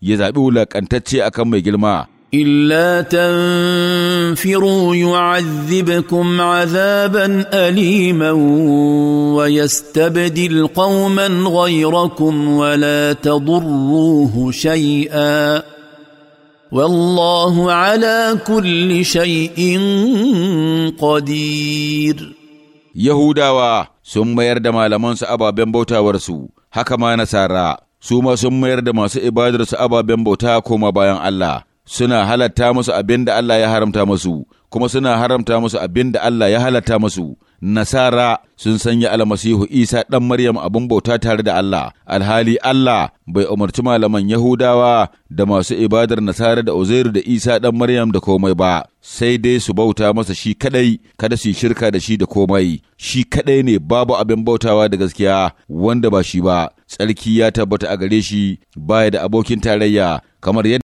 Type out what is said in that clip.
ya zaɓi wulaƙantacce akan mai girma. إلا تنفروا يعذبكم عذابا أليما ويستبدل قوما غيركم ولا تضروه شيئا والله على كل شيء قدير يهودا ثم يردم على أبا بن بوتا ورسو حكما نسارا su ma sun mayar da masu ibadarsu ababen bauta koma bayan Allah, suna halatta musu abin da Allah ya haramta musu, kuma suna haramta musu abin da Allah ya halatta musu. Nasara sun sanya almasihu Isa ɗan Maryam abin bauta tare da Allah, alhali Allah bai umarci malaman Yahudawa da masu ibadar Nasara da Uzairu da Isa ɗan Maryam da komai ba, sai dai su bauta masa shi kadai kada su yi shirka da shi da komai shi kadai ne babu abin bautawa da gaskiya wanda ba shi ba tsarki ya tabbata a gare shi baya da abokin tarayya kamar yadda